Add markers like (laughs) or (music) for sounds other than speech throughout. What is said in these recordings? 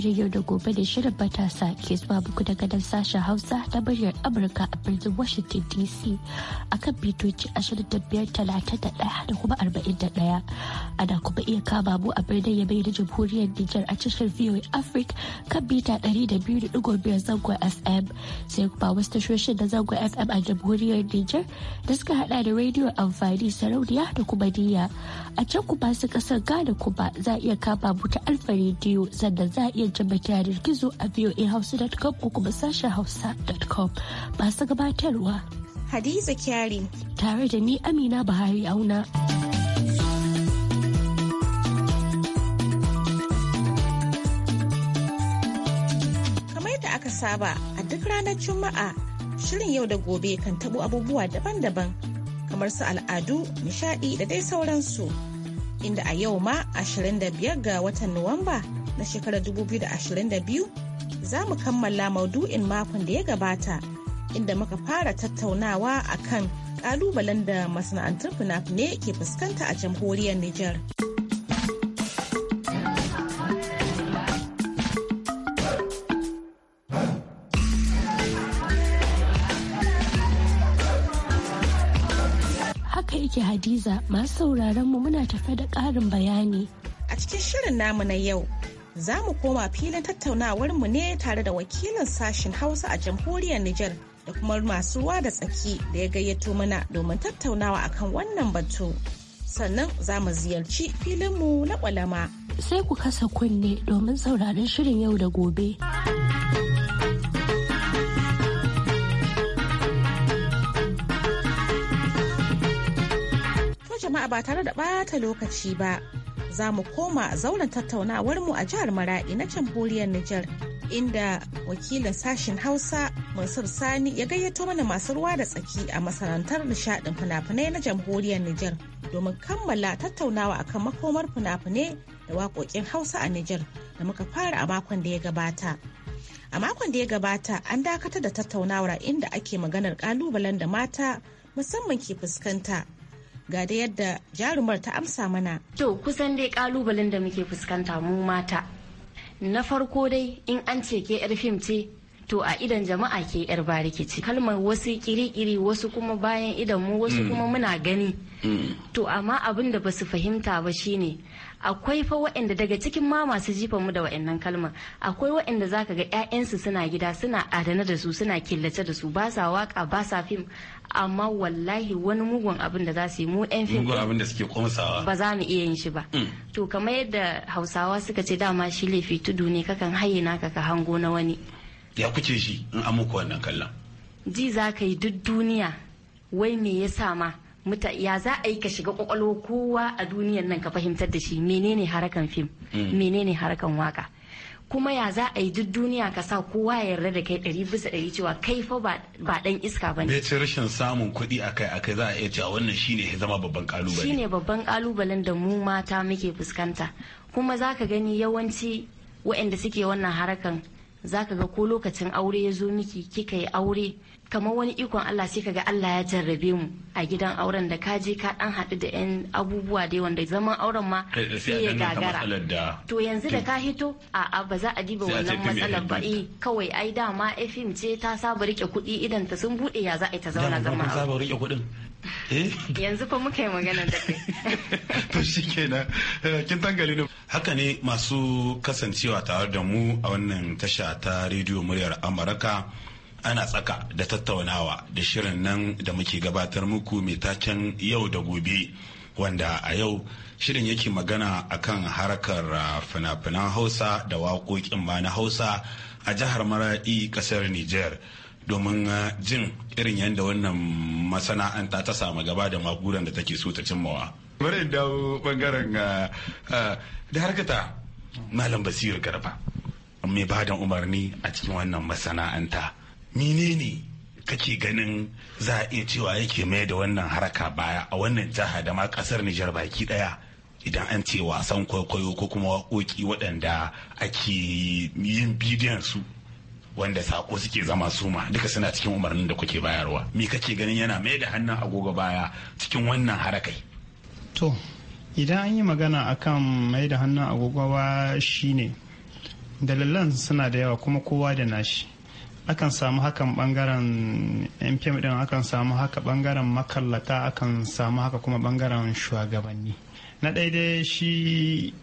shirin yau da gobe da shirin matasa ke zuwa buku daga nan sashen Hausa ta muryar Amurka a birnin Washington DC a kan bitoci 2531 da kuma ɗaya Ana kuma iya kama mu a birnin bai da Jamhuriyar Nijar a tashar VOA Africa kan bita 200.5 zangon FM sai kuma wasu tashoshin da zangon FM a Jamhuriyar Nijar da suka hada da rediyo amfani sarauniya da kuma diya. A can kuma su kasar Ghana kuma za a iya kama mu ta alfa rediyo sannan za a iya shirin baki a gizo a voahausa.com ko kuma sashen hausa.com masu gabatarwa. Hadiza Kyari. Tare da ni Amina Buhari Auna. Kamar yadda aka saba a duk ranar Juma'a shirin yau da gobe kan tabo abubuwa daban-daban kamar su al'adu, nishadi da dai sauransu. Inda a yau ma 25 ga watan Nuwamba na shekarar 2022 za mu kammala maudu'in makon da ya gabata inda muka fara tattaunawa a kan kalubalen da masana'antar fina-finai ke fuskanta a jamhuriyar Nijar. Haka yake Hadiza masu sauraron mu muna tafe da ƙarin bayani. A cikin shirin namu na yau za mu koma filin tattaunawarmu ne tare da wakilin sashen hausa a jamhuriyar Nijar da kuma masu ruwa da tsaki da ya gayyato mana domin tattaunawa akan wannan batu. Sannan za mu ziyarci filinmu na ƙwalama. Sai ku kasa kunne domin sauraron shirin yau da gobe. jama'a ba tare da ɓata lokaci ba za mu koma zauren tattaunawar mu a jihar Maradi na jamhuriyar Nijar inda wakilin sashen Hausa Mansur Sani ya gayyato mana masu ruwa da tsaki a masarantar nishadin fina-finai na jamhuriyar Nijar domin kammala tattaunawa akan makomar fina-finai da waƙoƙin Hausa a Nijar da muka fara a makon da ya gabata. A makon da ya gabata an dakatar da tattaunawar inda ake maganar ƙalubalen da mata musamman ke fuskanta ga da yadda jarumar ta amsa mana. To kusan dai kalubalen da muke fuskanta mu mata. Na farko dai in an ce ke yar fim ce to a idan jama'a ke yar ba rikici kalmar wasu kiri-kiri wasu kuma bayan idan mu wasu mm. kuma muna gani. Mm. To amma abin da basu fahimta ba shine akwai fa waɗanda daga cikin ma masu jifa mu da waɗannan kalma akwai waɗanda ka ga yayansu suna gida suna adana da su suna killace da su ba sa waka ba sa fim amma wallahi wani mugun abin da za su yi mu yan fim mugun abin da suke ba za mu iya yin shi ba mm. to kamar yadda hausawa suka ce dama shi laifi tudu ne kakan haye naka ka hango na wani ya kuce shi in amuku wannan kallon ji za ka yi duk duniya wai me ya sa ma muta ya za a yi ka shiga kwakwalwa kowa a duniyan nan ka fahimtar da shi menene harakan fim mm. menene harakan waka kuma ya za a yi duk duniya ka sa kowa ya yarda da kai ɗari bisa ɗari cewa kai fa ba ɗan iska ba ne. ce rashin samun kuɗi a kai za a iya cewa wannan shine ya zama babban ƙalubale. Shine babban ƙalubalen da mu mata muke fuskanta kuma za ka gani yawanci wa'anda suke wannan harakan za ka ga ko lokacin aure ya zo miki kika yi aure kamar wani ikon Allah sai kaga Allah ya jarrabe mu a gidan auren da ka je ka dan haɗu da yan abubuwa dai wanda zaman auren ma eh, sai ya gagara to yanzu da ka hito a ba za a diba wannan matsalar ba eh kawai ai dama FM ce ta saba rike kuɗi idan ta sun bude ya za a ta zauna zama ta saba rike kuɗin (laughs) eh? yanzu fa muka yi magana da kai (laughs) to shikenan eh, kin tangale ne haka ne masu kasancewa tare da mu a wannan tasha ta rediyo muryar Amurka ana tsaka da tattaunawa da shirin nan da muke gabatar muku mai taken yau da gobe wanda a yau shirin yake magana akan harkar uh, fina-finan hausa da waƙoƙin ma na hausa a jihar maraɗi ƙasar niger domin uh, jin irin yadda wannan masana'anta ta samu gaba da maguran da take so ta cimmawa. bari dawo bangaren uh, da harkata malam basiru garba mai bada umarni a cikin wannan masana'anta menene kake ganin za a iya cewa yake mai da wannan haraka baya a wannan jiha da ma kasar Nijar baki daya idan an ce wasan kwaikwayo ko kuma waƙoƙi waɗanda ake yin bidiyon su wanda sako suke zama suma duka suna cikin umarnin da kuke bayarwa me kake ganin yana mai da hannun agogo baya cikin wannan harakai to idan an yi magana akan mai da hannun agogo baya shine dalilan suna da yawa kuma kowa da nashi akan samu hakan bangaren npm din akan samu haka bangaren makallata akan samu haka kuma bangaren shugabanni na daidai shi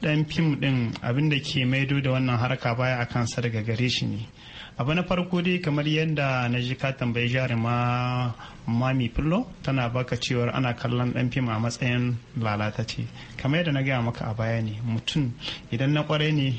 dan fim din abinda ke maido da wannan harka baya akan sa daga gare shi ne abu na farko dai kamar yadda na ji ka tambayi jarima mami fillo tana baka cewar ana kallon ɗan fim a matsayin lalata ce kamar yadda na gaya maka a baya ne mutum idan na kwarai ne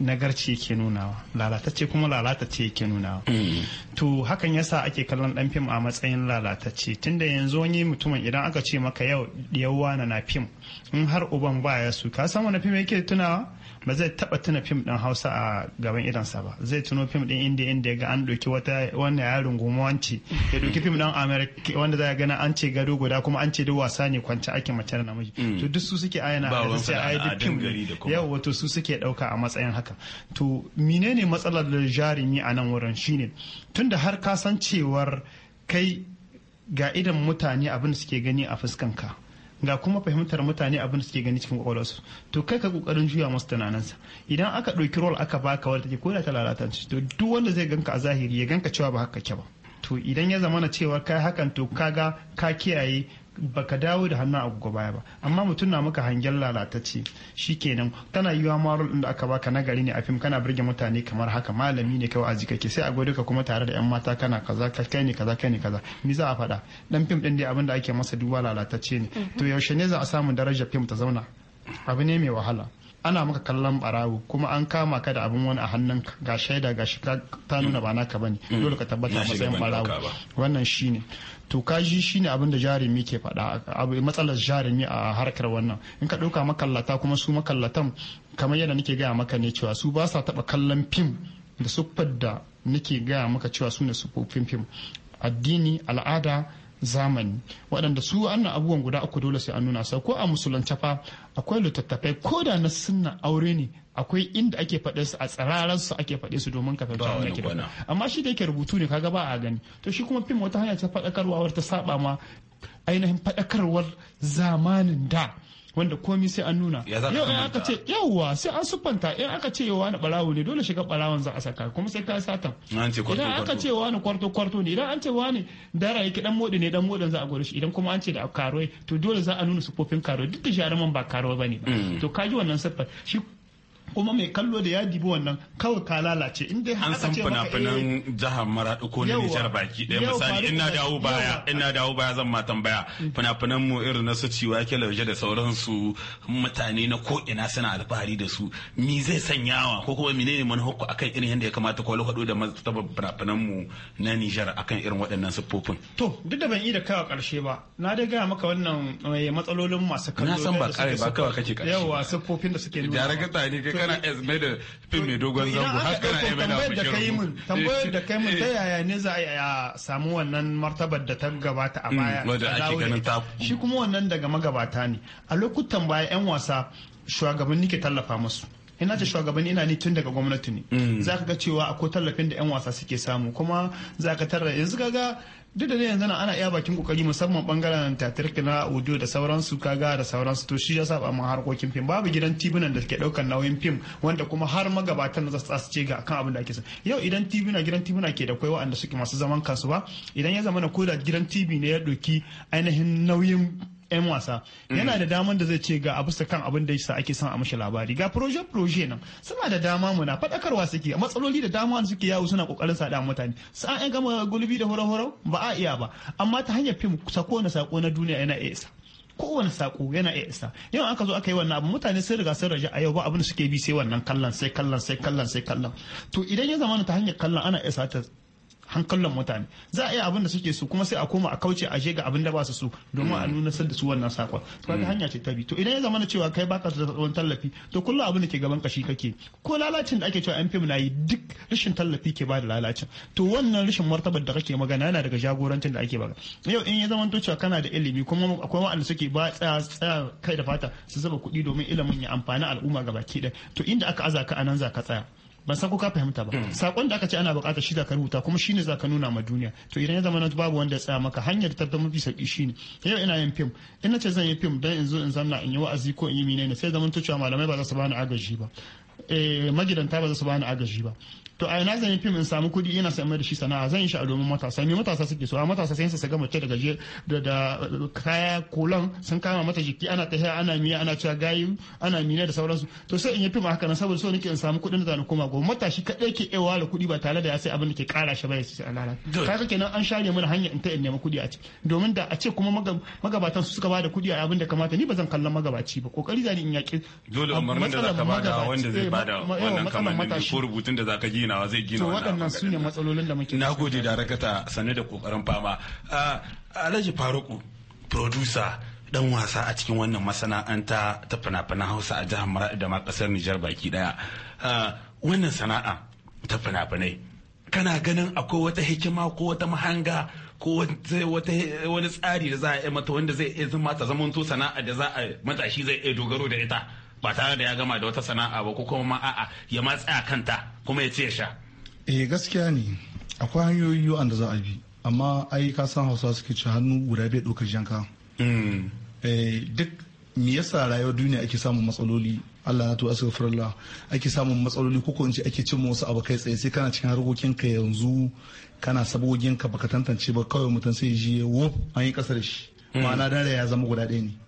nagarci yake nunawa lalatacce kuma lalatacce yake nunawa hmm. to hakan yasa ake kallon dan fim a matsayin lalatacce tunda yanzu wani mutumin idan aka ce maka yau yawa na na fim in har uban baya su ka san wani fim yake tunawa ba zai taba tuna fim din hausa a gaban idansa ba zai tuno fim din indiya indiya ga an doki wata wanda yarin rungumi wanci ya doki fim din america wanda za gana an ce gado guda kuma an ce duk wasa ne kwanci ake mace da namiji mm. to duk su suke ayana a sai ayi duk fim yau wato su suke dauka a matsayin haka to menene matsalar jarumi a nan wurin shine tunda har ka san cewar kai ga idan mutane abin suke gani a fuskanka ga kuma fahimtar mutane abin da suke gani cikin kwakwalwarsu to kai ka kokarin juya musu tunaninsa idan aka ɗauki rol aka baka wadda take koda ta lalatanci to duk wanda zai ganka a zahiri ya ganka cewa ba haka ke ba to idan ya zama na cewa kai hakan to kaga ka kiyaye baka dawo da hannun agogo baya ba amma mutum na maka hangen lalatacce kenan tana yiwa ma rol da aka baka nagari ne a fim kana birge mutane kamar haka malami ne kawai jika ke sai a gode ka kuma tare da yan mata kana kaza kai ne kaza kai ne kaza ni za a faɗa dan fim din dai abin da ake masa duba lalatacce ne mhm. to yaushe ne za a samu darajar fim ta zauna abu ne mai wahala ana maka kallon barawo kuma an kama ka da abin wani a hannun ga shaida ga shi ta nuna ba naka bane mm. dole ka tabbata matsayin barawo wannan shine to kaji shine abin da jarumi ke faɗa matsalar jarumi a harkar wannan in ka ɗauka makallata kuma su makallatan kamar yadda nake gaya maka ne cewa su ba sa taɓa kallon fim da siffar da nake gaya maka cewa su ne siffofin fim addini al'ada zamani waɗanda su annan abubuwan guda uku dole sai an nuna sa ko a musulunta fa akwai littattafai ko da na sunna aure ne akwai inda ake faɗe su a tsararan su ake faɗe su domin ka fahimta wani gida amma shi da yake rubutu ne kaga ba a gani to shi kuma fim wata hanya ta faɗakarwa ta saba ma ainihin faɗakarwar zamanin da wanda komi sai an nuna yau in aka ce yauwa sai an siffanta in aka ce yauwa na barawo ne dole shiga barawon za a saka kuma sai ka satan idan aka ce na kwarto kwarto ne idan an ce wani dara yake dan modi ne dan modin za a gore shi idan kuma an ce da karoi to dole za a nuna sufofin karoi duk da jaruman ba karoi ba ba mm. to kaji wannan siffar shi kuma mai kallo da ya dibi wannan kawai ka lalace in dai an san fina-finan eh, jihar maradi ko na nijar baki ɗaya misali in ina dawo baya in ina dawo baya zan matan baya. Mm. fina-finan mu irin na su ciwa ke lauje da sauransu mutane na ko ina suna alfahari da su mi zai sanyawa ko kuma menene manufarku akan irin yadda ya kamata ko lokado da fina-finan mu na nijar akan irin waɗannan siffofin. to duk da ban yi da kawa ƙarshe ba na dai gaya maka wannan eh, matsalolin masu kallo na san ba kare ba kawai kake ƙarshe yawa siffofin da suke nuna kana iya mai da fim mai dogon zango har kana iya mai da fim tambayar da kai mun eh, ta eh. yaya ne za a samu wannan martabar da ta gabata a mm, baya shi kuma wannan daga magabata ne a lokutan baya yan wasa shugabanni ke tallafa musu ina ce shugabanni ina ni tun daga gwamnati ne mm. za ka ga cewa akwai tallafin da 'yan wasa suke samu kuma za ka tarra yanzu kaga duk da yanzu ana iya bakin kokari musamman bangaren tatirki na audio da sauransu kaga da sauransu to shi ya saba mun harkokin fim babu gidan tibunan da ke daukan nauyin fim wanda kuma har magabatan za su ce ga kan abin da ake so yau idan tibuna gidan tibuna ke da kwaiwa wanda suke masu zaman kansu ba idan ya zama na koda gidan tibi ne ya doki ainihin nauyin 'yan wasa yana mm-hmm. da daman da zai ce ga a bisa kan abin da yasa ake son a mashi labari ga proje proje nan suna da dama muna faɗakarwa suke matsaloli da dama suke yawo suna kokarin sada mutane sa'an 'yan gama gulbi da horo-horo ba a iya ba amma ta hanyar fim sako na sako na duniya yana iya isa kowane sako yana iya isa yau aka zo aka yi wannan abu mutane sun riga sun raja a yau ba abin da suke bi sai wannan kallon sai kallon sai kallon sai kallon to idan ya zama ta hanyar kallon ana isa ta hankalin mutane za a yi abin da suke su kuma sai a koma a kauce a ga abin da ba su su domin a mm. nuna da su wannan sakon to ga mm. hanya ce ta bi to idan ya zama cewa kai baka da tsawon tallafi to kullum abin da ke gaban kashi kake ko lalacin da ake cewa an na yi duk rashin tallafi ke ba da lalacin to wannan rashin martabar da kake magana yana daga jagorancin da ake baka yau in ya zama cewa kana da ilimi kuma akwai wa'anda suke ba tsaya tsaya kai da fata su zuba kuɗi domin ilimin ya amfani al'umma gaba ɗaya to inda aka aza ka anan za ka tsaya ban san ko ka fahimta ba mm. sakon da aka ce ana bukata shi da ka rubuta kuma shine za ka nuna ma duniya to idan ya zama na babu wanda ya tsaya maka hanyar ta zama sauki shi ne yau ina yin film in na ce zan yi film dan in zo in zanna in yi wa'azi ko in yi minene sai zaman to cewa malamai ba za su bani agaji ba eh, magidanta ba za su bani agaji ba to a ina zan yi fim in samu kuɗi ina sai mai da shi sana'a zan yi shi a domin matasa me matasa suke so a matasa sai su ga mace da gaje da da kaya kolon sun kama mata jiki ana tafiya ana miya ana cewa gayu ana mina da sauransu to sai in yi fim haka nan saboda so nake in samu kuɗin da zan koma gobe matashi kadai ke ewa da kuɗi ba tare da ya sai abin da ke kara shi ba ya sai alala kaga kenan an share mana hanya in ta in nemi kuɗi a ci domin da a ce kuma magabatan su suka ba da kuɗi a abin da kamata ni ba zan kallon magabaci ba kokari zani in yaki dole umarnin da zaka bada wanda zai bada eh, wannan eh, ne ko rubutun da zaka yi ginawa zai gina wannan waɗannan su ne matsalolin da muke na gode da rakata sanne da kokarin fama alhaji faruku producer dan wasa a cikin wannan masana'anta ta fina-finan hausa a jihar maradi da ma kasar nijar baki daya wannan sana'a ta fina-finai kana ganin akwai wata hikima ko wata mahanga ko wani tsari da za a yi mata wanda zai iya zama ta zamanto sana'a da za a matashi zai iya dogaro da ita ba tare da ya gama da wata sana'a ba ko kuma ma a'a ya matsa kanta kuma ya ce sha eh gaskiya ne akwai hanyoyi wanda za a bi amma ai ka san hausa suke ci hannu guda bai ɗaukar janka mm. eh, duk me yasa rayuwar duniya ake samun matsaloli Allah na to astaghfirullah ake samun matsaloli ko in ce ake cin wasu abu kai tsaye sai kana cikin harkokin ka yanzu kana sabogin ka baka tantance ba kawai mutum sai ji wo an yi kasar shi mm. ma'ana dare ya zama guda ɗaya ne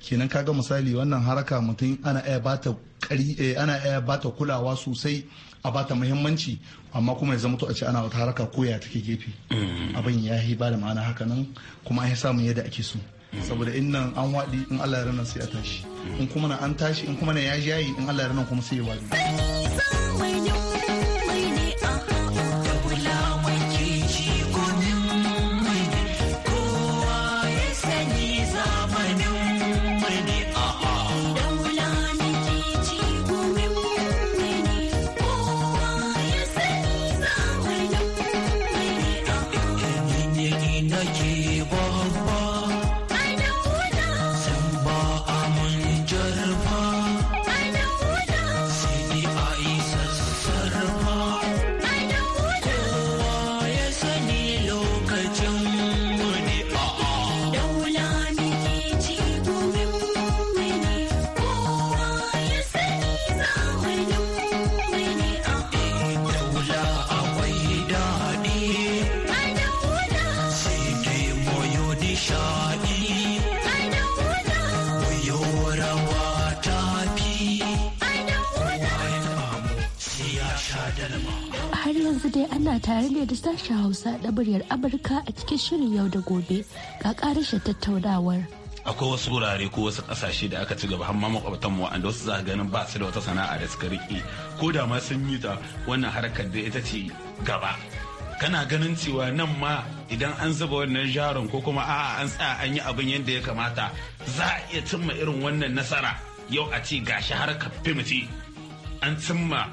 kenan kaga misali wannan haraka mutum ana iya bata kari eh, ana iya bata kulawa sosai a bata muhimmanci amma kuma ya zamto a ce ana wata haraka koya take gefe mm. abin ya yi ba da ma'ana haka nan kuma ya samun yadda ake so mm. saboda in nan an waɗi in Allah ya sai a tashi in kuma na an tashi in kuma na ya yi in Allah ya kuma sai ya waɗi har yanzu dai ana tare ne da sashen hausa da muryar amurka a cikin shirin yau da gobe ga karashin tattaunawar akwai wasu wurare ko wasu kasashe da aka ci gaba har ma makwabtan mu wanda wasu za ganin ba su da wata sana'a da suka riƙe ko da ma sun yi ta wannan harkar da ita ce gaba kana ganin cewa nan ma idan an zuba wannan jaron ko kuma a an tsaya an yi abin yadda ya kamata za a iya cimma irin wannan nasara yau a ce gashi harkar fimiti an cimma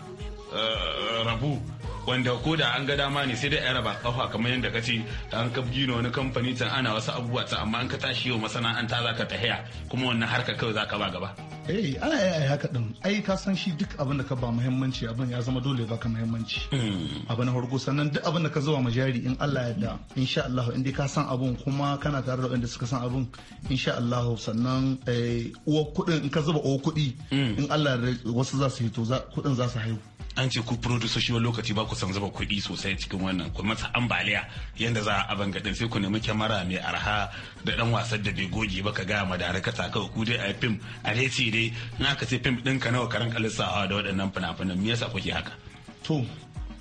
eh, rabu wanda ko da an ga dama ne sai dai a raba kafa kamar yadda ka ce an kafa gino wani kamfani can ana wasu abubuwa ta amma an ka tashi yau masana'anta za ka ta haya kuma wannan harka kawai za ka ba gaba. eh ana yaya haka din ai ka san shi duk abin da ka ba muhimmanci abin ya zama dole baka muhimmanci hmm. abu na farko sannan duk abin da ka zuwa majari in Allah ya da insha Allah in dai ka san abun kuma kana tare da wanda suka san abun insha Allah sannan eh, uwa kudin in ka zuba uwa kudi hmm. in Allah ya wasu za su hito kudin za su haihu an ce ku produsoshi wani lokaci ba ku san zuba kuɗi sosai cikin wannan ku masa ambaliya yadda za a abin sai ku nemi kyamara mai arha da dan wasan da bai goge ba ka ga madara ka saka ku dai a fim a reci dai n'aka ka ce fim ɗin ka nawa karan kalisawa da waɗannan fina-finan me yasa kuke haka. to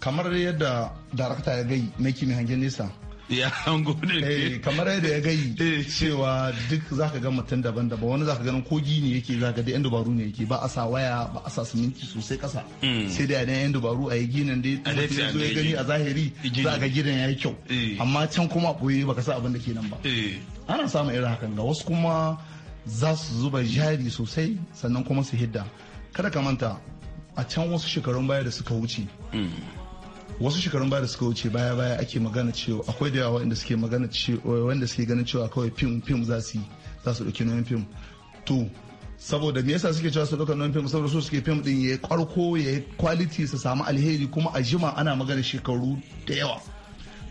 kamar yadda darakta ya gai na kimi hangen nesa ya hango (laughs) ne eh, kamar yadda ya gai eh. cewa duk zaka ga mutum daban-daban wani zaka ganin kogi ne yake zaka da yan dubaru ne yake ba a sa waya ba a sa siminti sosai kasa hmm. sai da yan dubaru a yi ginin da ya gani a zahiri za ga gidan ya yi kyau eh. amma can kuma boye baka sa abin da ke nan ba ana samun irin hakan ga wasu kuma za su zuba jari sosai sannan kuma su hidda kada ka manta a can wasu shekarun baya da suka wuce hmm. wasu shekarun baya da suka wuce baya baya ake magana cewa akwai da yawa wanda suke magana cewa wanda suke ganin cewa kawai fim fim za su za su dauki nauyin fim to saboda me yasa suke cewa su dauka nauyin fim saboda su suke fim din ya kwarko yayi quality su samu alheri kuma a jima ana magana shekaru da yawa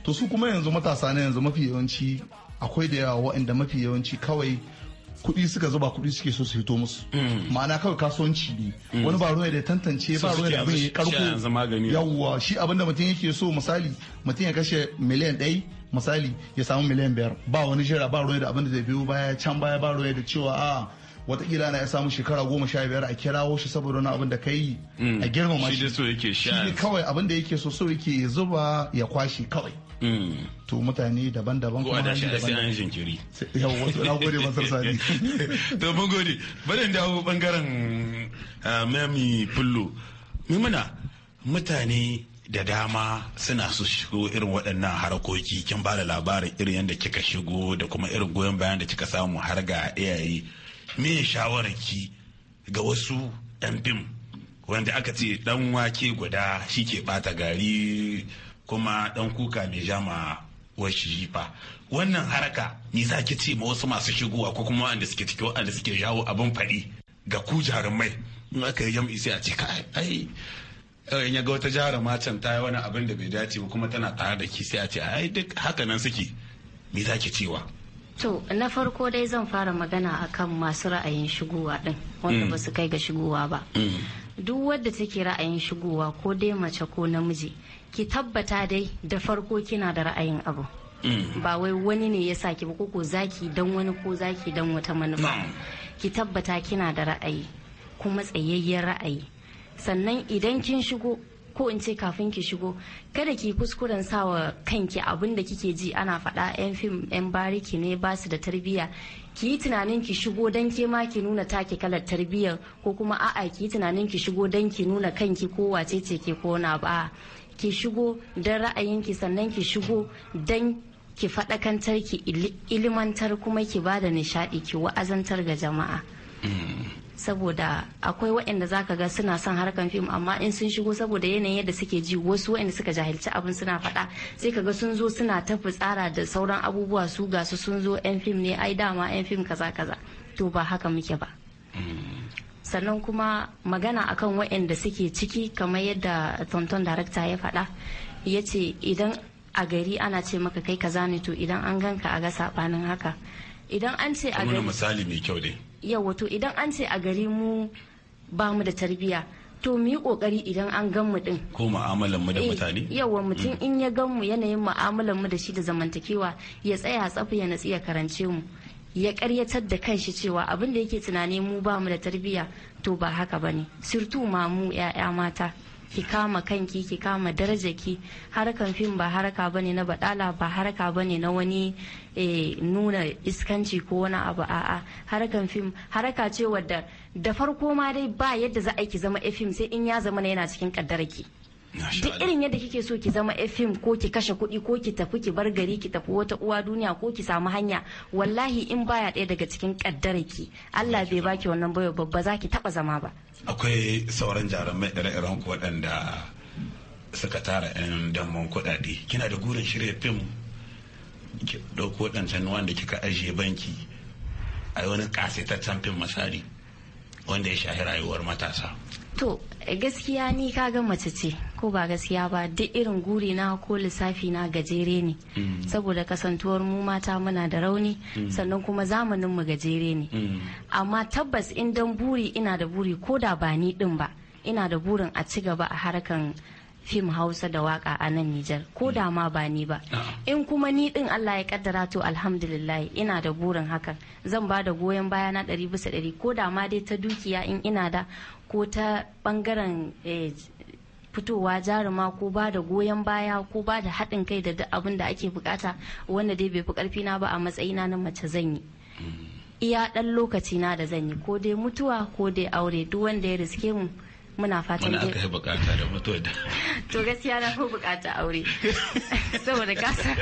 to su kuma yanzu matasa na yanzu mafi yawanci akwai da yawa wa'inda mafi yawanci kawai kuɗi suka zuba kuɗi suke so su fito musu mm. ma'ana kawai kasuwanci ne mm. wani ba ruwa da tantance ba ruwa da abin karko yawwa shi abin da mutum yake so misali mutum ya kashe miliyan ɗaya misali ya samu miliyan biyar ba wani jira ba ruwa da abin da zai biyo baya can baya ba ruwa da cewa a ah, watakila na ya samu shekara goma sha biyar a kirawo shi saboda wani abin da ka yi mm. a girmama shi so yake shi kawai abin da yake so so yake zuba ya kwashe kawai mm. to mutane daban-daban kuma da shi sai an jinkiri (laughs) Yau wasu na gode masar sani (laughs) to mun gode bari dawo bangaren ah, mami Pullo. mimuna mutane da dama suna su shigo irin waɗannan harkoki kin ba da labarin irin yadda kika shigo da kuma irin goyon bayan da kika samu har ga iyaye me shawararki ga wasu 'yan fim wanda aka ce ɗan wake guda shi ke bata gari kuma dan kuka mai jama washi jifa wannan haraka ni za ki ce ma wasu masu shigowa ko kuma wanda suke ciki wanda suke jawo abin faɗi ga ku jarumai in aka yi jam'i sai a ce ka ai eh, in ya ga wata jarumacan macen ta yi wani abin da bai dace ba kuma tana tare da ki sai a ce ai duk haka nan suke me za ki cewa To na farko dai zan fara magana akan masu ra'ayin shigowa din wanda mm. ba su kai ga shigowa ba. Mm. Duk wadda take ra'ayin shigowa ko dai mace ko namiji ki tabbata dai da farko kina da ra'ayin abu. Mm. Ba wai wani ne ya saki ba ko zaki dan wani ko zaki dan wata manufa. Ki tabbata kina da ra'ayi kuma tsayayyen ra'ayi. Sannan idan kin shigo ko in ce kafin ki shigo kada ki kuskuren sawa kanki abin da kike ji ana faɗa 'yan fim 'yan bariki ne ba su da tarbiyya ki yi tunanin ki shigo don ke ma ki nuna taki kalar tarbiyya ko kuma a'a ki yi tunanin ki shigo don ki nuna kanki ko wace ce ke ko na ba ki shigo don ra'ayinki sannan ki shigo don ki faɗakantar ki ilimantar kuma ki ba da nishaɗi ki wa'azantar ga jama'a mm. saboda akwai waɗanda za ka ga suna son harkan fim amma in sun shigo saboda yanayin yadda suke ji wasu waɗanda suka jahilci abin suna faɗa sai kaga sun zo suna ta tsara da sauran abubuwa su ga su sun zo yan fim ne ai dama yan fim kaza kaza to ba haka muke ba sannan kuma magana akan waɗanda suke ciki kamar yadda tonton darakta ya faɗa ya ce idan a gari ana ce maka kai kaza ne to idan an ganka a ga sabanin haka idan an ce a gari misali mai kyau dai yawa to idan an ce a gari mu ba mu da tarbiyya to mu yi kokari idan an gan mu din ko mu da eh, mutane yawa mm. mutum in ya gan mu yanayin mu'amalar mu da shi da zamantakewa ya tsaya tsafi ya natsi ya karance mu ya karyatar da kanshi cewa abin da yake tunani mu ba mu da tarbiyya to ba haka bane surtu ma mu 'ya'ya mata ki kama kanki ki kama ki harkan fim ba harka bane na badala ba harka bane na wani e, nuna iskanci ko wani abu a'a harkan fim haraka ce wadda da farko ma dai ba yadda za a ki zama fim sai in ya zama yana cikin kaddarki. ki duk irin yadda kike so ki zama fm ko ki kashe kuɗi ko ki tafi ki bar gari ki tafi wata uwa duniya ko ki samu hanya wallahi in baya ɗaya daga cikin ƙaddararki Allah bai baki wannan baiwa babba za ki taɓa zama ba akwai sauran jarumai ire-iren waɗanda suka tara 'yan damban kuɗaɗe kina da gurin shirya fim ki ɗauki waɗancan wanda kika ajiye banki a yi wani ƙasaitaccen fim misali wanda ya shahi rayuwar matasa To gaskiya ni ka ga mace ce ko ba gaskiya ba duk irin guri na ko lissafi na gajere ne mm. saboda kasantuwar mu mata muna da rauni mm. sannan kuma zamanin mu gajere ne mm. amma tabbas in dan buri ina da buri ko da ba ni din ba ina da burin a ci gaba a harkan fim hausa da waka a nan nijar ko da ma ba ni ba in kuma ni din allah ya kaddara to alhamdulillah ina da burin hakan zan ba da goyon baya na ɗari bisa ɗari ko da ma dai ta dukiya in ina da ko ta ɓangaren eh, fitowa jaruma ko ba da goyon baya ko ba da haɗin kai da duk abin da ake bukata wanda dai bai fi ƙarfi na ba a matsayina na mace zan yi mm. iya ɗan lokaci na da zan yi ko dai mutuwa ko dai aure duk wanda ya riske mu muna fatan aka bukata da mutuwa da to gaskiya na fi bukata aure (laughs) saboda kasa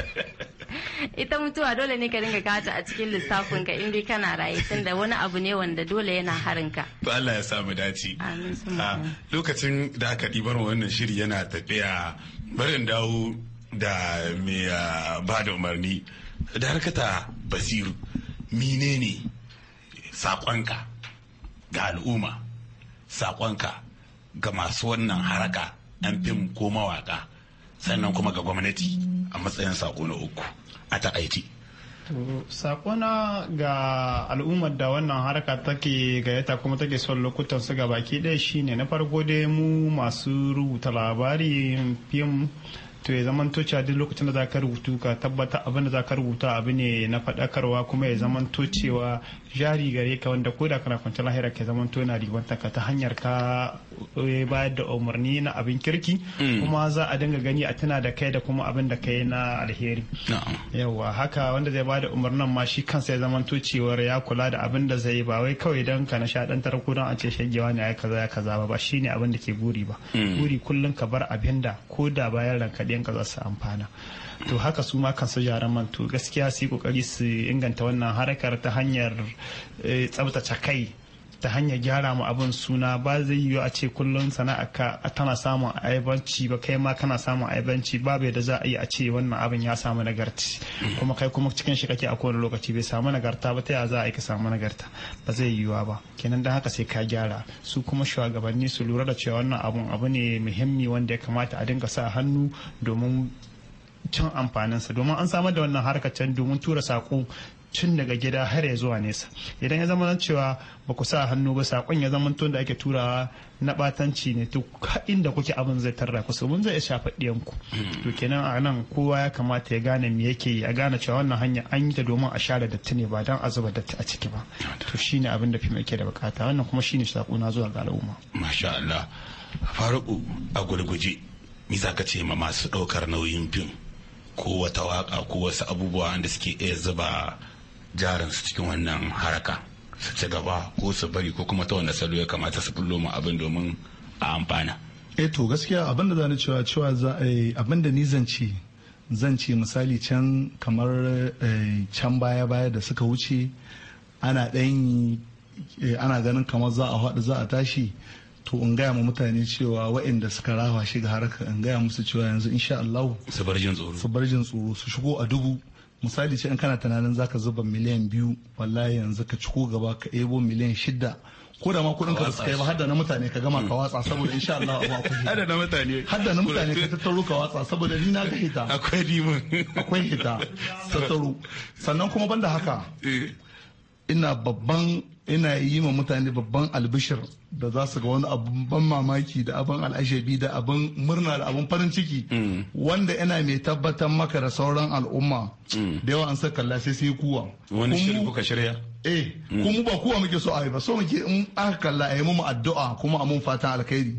ita mutuwa dole ne ka dinga kata a cikin lissafin ka indai kana raye tunda wani abu ne wanda dole yana harin ka Allah ya samu dace ah, lokacin da aka ɗibar wannan shiri yana tafiya barin dawo da mai ah, ba da umarni da harkata basiru menene saƙonka ga al'umma saƙonka ga masu wannan haraka 'yan fim ko mawaka sannan kuma ga gwamnati a matsayin sako na uku a takaici. na ga al'ummar da wannan harka take gayyata kuma take son lokutan su ga baki ɗaya shine na farko dai mu masu rubuta labari fim to ya zaman cewa duk lokacin da za ka rubutu ka tabbata abin da za ka rubuta abu ne na faɗakarwa kuma ya zaman cewa jari gare ka wanda ko da kana kwanci lahira ka zama to yana ribanta ka ta hanyar ka eh, bayar da umarni na abin kirki mm. kuma za a dinga gani a tuna da kai da kuma abin da kai na alheri yawa haka wanda zai bada umarnin ma shi kansa ya zama to cewar ya kula da abin da zai ba wai kawai don ka nishaɗantar ko don a ce shagewa ne ya kaza ya kaza ba shi ne abin da ke buri ba mm. buri kullum ka bar abin da ko da bayan ranka ɗiyan ka za su amfana to haka su ma kansu yaran man to gaskiya su yi kokari su inganta wannan harkar ta hanyar eh, tsabtace kai ta hanyar gyara mu abin suna ba zai yiwu a ce kullum sana'a ka tana samun aibanci ba kai ma kana samun aibanci bai da za a yi a ce wannan abin ya samu nagarci kuma kai kuma cikin shi kake a kowane lokaci bai samu nagarta ba ta yaya za a yi ka samu nagarta ba zai yiwu ba kenan dan haka sai ka gyara su kuma shugabanni su lura da cewa wannan abun abu ne muhimmi wanda ya kamata a dinga sa hannu domin cin amfaninsa domin an samar da wannan harkar can domin tura saƙo tun daga gida har ya zuwa nesa idan ya zama cewa ba ku sa hannu ba saƙon ya zama tun da ake turawa na batanci ne to da kuke abin zai tarra ku mun zai shafa ku to kenan a nan kowa ya kamata ya gane me yake yi a gane cewa wannan hanya an yi ta domin a share datti ne ba don a zuba datti a ciki ba to shine abin da fim yake da bukata wannan kuma shine na zuwa ga al'umma masha Allah faruku a gurguje me ka ce ma masu ɗaukar nauyin fim ko wata waka ko wasu abubuwa wanda suke iya zuba su cikin wannan haraka su ci gaba ko su bari ko kuma ta wanda salo ya kamata su bullo mu abin domin a amfana. eh to gaskiya abin da zani cewa cewa za a eh, yi abin da ni zance zance misali can kamar eh, can baya baya da suka wuce ana ɗan eh, ana ganin kamar za a haɗu za a tashi to in gaya ma mutane cewa waɗanda suka rawa shiga harkar in gaya musu cewa yanzu insha Allah su bar jin tsoro su bar jin tsoro su shigo a dubu misali ce in kana tunanin zaka zuba miliyan biyu wallahi yanzu ka ciko gaba ka ebo miliyan shida ko da ma kudin ka su kai ba hadda na mutane ka gama ka watsa saboda insha Allah abu akwai (laughs) hadda na mutane hadda na mutane ka tattaro ka watsa saboda ni na ga hita akwai dimin akwai hita (laughs) tattaro sannan kuma banda haka eh. ina babban ina yi ma mutane babban albishir da za su ga wani abu ban mamaki da abin al'ashabi da abin murna da abin farin ciki mm. wanda ina mai tabbatar maka da sauran al'umma mm. da yawa an sa kalla sai sai kuwa wani shiri kuka shirya eh mm. kuma ba kuwa muke so a yi ba so muke in aka kalla a yi mu addu'a kuma a mun fatan alkhairi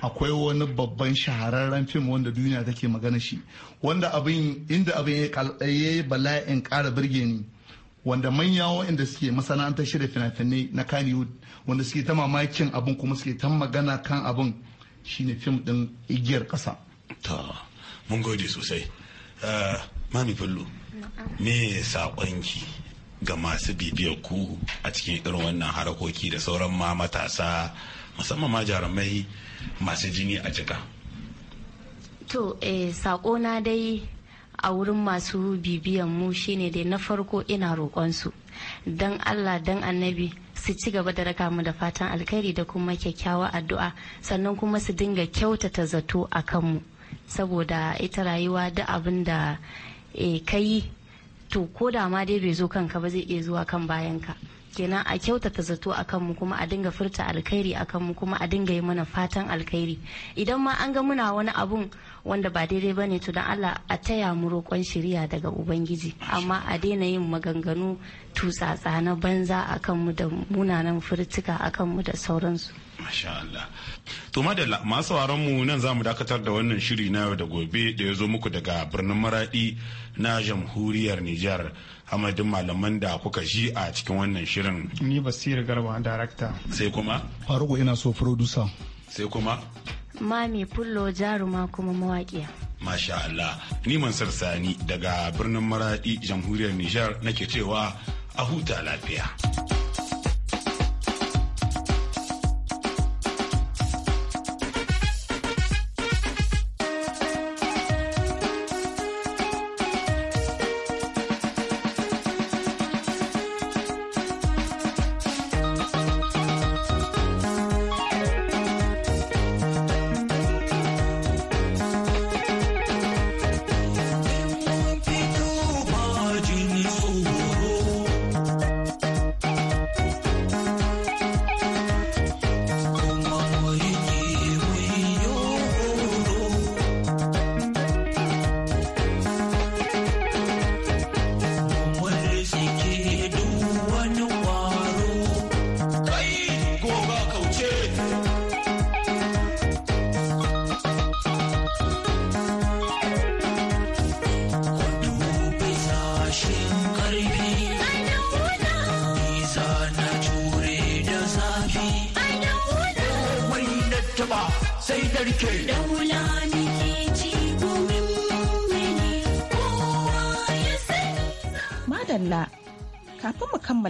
akwai wani babban shahararren fim wanda duniya take magana shi wanda abin inda abin ya yi bala'in ƙara birge ni wanda manya waɗanda suke masana'antar shirya fina-finai na kaniwood wanda suke ta mamakin abin kuma suke ta magana kan abin shine fim ɗin igiyar ƙasa. ta mun gode sosai eh, mami fallu me saƙonki ga masu bibiyar ku a cikin irin wannan harakoki da sauran ma matasa musamman ma jarumai masu jini a jika to eh, saƙona dai a wurin masu bibiyan mu shine dai na farko ina roƙonsu don allah don annabi su ci gaba da raka mu da fatan alkhairi da kuma kyakkyawa addu'a sannan kuma su dinga kyautata zato a kanmu saboda ita rayuwa da abin da eh, ka yi to ko da ma dai bai zo kanka ba zai iya zuwa kan bayanka kenan a kyautata zato akan mu kuma a dinga furta alkhairi akan mu kuma a dinga yi mana fatan alkhairi idan ma an ga muna wani abun wanda ba daidai bane to dan Allah a taya mu roƙon shiriya daga ubangiji amma a daina yin maganganu tutsatsa na banza akan mu da munanan furtuka akan mu da sauransu Masha Allah. To madalla masu mu nan za mu dakatar da wannan shiri na yau da gobe da ya zo muku daga birnin maradi na jamhuriyar Nijar. Hamadin malaman da kuka ji a cikin wannan shirin. Ni basir Garba, director. Sai kuma? Faruku ina so producer. Sai kuma? Mami Pullo Jaruma kuma mawaƙiya. Masha Allah, ni Mansur Sani daga birnin Maradi, jamhuriyar Nijar nake cewa a huta lafiya.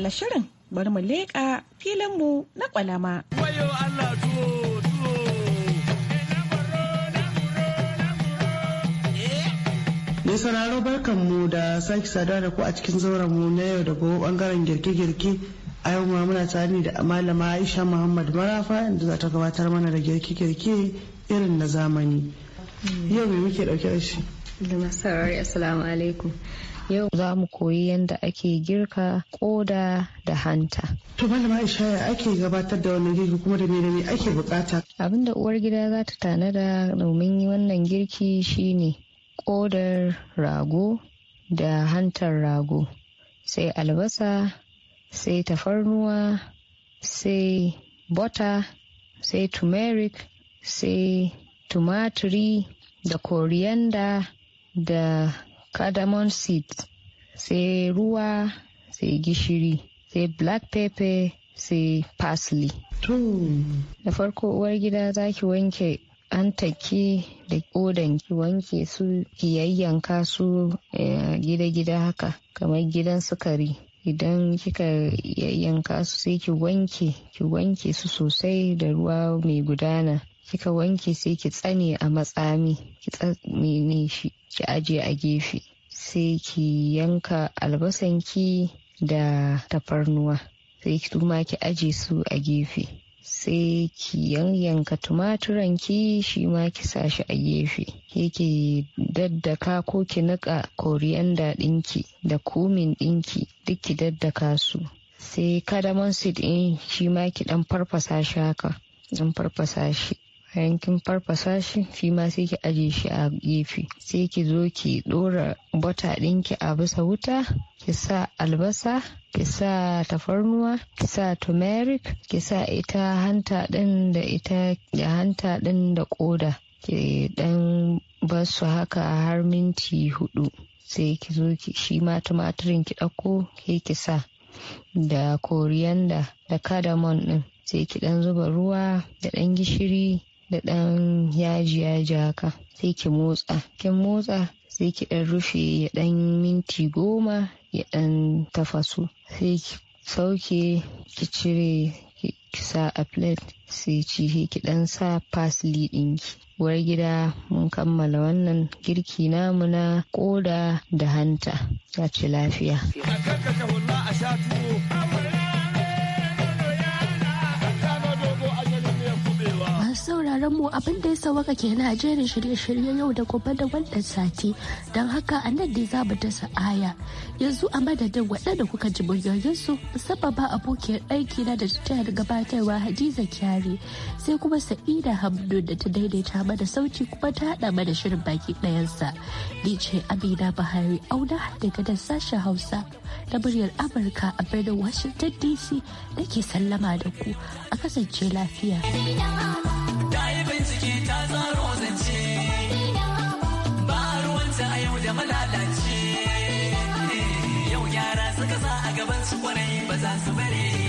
kammala shirin bari mu leƙa filinmu na kwalama. sanaro barkan mu da sake sada da ku a cikin zauren mu na yau da gobe bangaren girke-girke a yau ma muna tare da malama Aisha Muhammad Marafa da za ta gabatar mana da girke-girke irin na zamani. Yau me muke dauke da shi? Da masarar Assalamu alaikum. Yau za mu koyi yadda ake girka koda da hanta. To malama Aisha ake gabatar da wannan girki kuma da me ake bukata? Abin da uwar gida za ta tanada domin wannan girki shine kodar rago da hantar rago sai albasa sai tafarnuwa sai bota sai turmeric sai tumaturi da koriyanda da cardamom seeds sai ruwa sai gishiri sai black pepper sai parsley da farko uwar gida za ki wanke antaki da kodan ki wanke su ki yayyanka su eh, gida-gida haka kamar gidan sukari idan kika yayyanka su sai ki wanke ki wanke su sosai da ruwa mai gudana kika wanke sai ki tsane a matsami ki ne shi ki aje a gefe sai ki yanka albasanki da tafarnuwa sai ki tuma ki aje su a gefe sai ki yanka tumaturanki ki shi ma ki sa shi a gefe ki daddaka ko ki niƙa koriyanda ɗinki da kumin ɗinki duk ki daddaka su sai kadaman su ɗin shi ma ki ɗan farfasa shi haka ɗan farfasa shi A yankin farfasa shi shi ma sai ki aje shi a gefe sai ki zo ki dora bota ɗinki a bisa wuta ki sa albasa ki sa tafarnuwa ki sa turmeric ki sa ita hanta ɗin da ita da hanta ɗin da koda ki dan basu haka har minti hudu sai ki zo shi ma tumatirin ki ɗauko ke ki sa da koriyanda da kadamon ɗin sai ki ɗan zuba ruwa da ɗan gishiri da ɗan yaji yaji haka sai ki motsa kin motsa sai ki ɗan rufe ya ɗan minti goma ya ɗan tafasu sai ki sauke ki cire ki sa a plate sai ci ki ɗan sa parsley ɗinki uwar gida mun kammala wannan girki namu na koda da hanta ya ci lafiya. sauraron mu abin da ya sawaka ke na jerin shirye-shirye yau da gobe da wannan sati don haka a nan dai za mu ta sa'aya yanzu a madadin waɗanda kuka ji muryoyinsu musamman ba abokiyar aiki na da ta gabatarwa hadiza kyari sai kuma sa'ida hamdu da ta daidaita mana sauti kuma ta haɗa mana shirin baki ɗayansa ni ce amina bahari auna daga da sashen hausa na muryar amurka a birnin washington dc da ke sallama da ku a kasance lafiya. ciki ta tsaro zance ba ruwanta a yau da malalace yau gyara suka sa a gaban su kwarai ba za su bare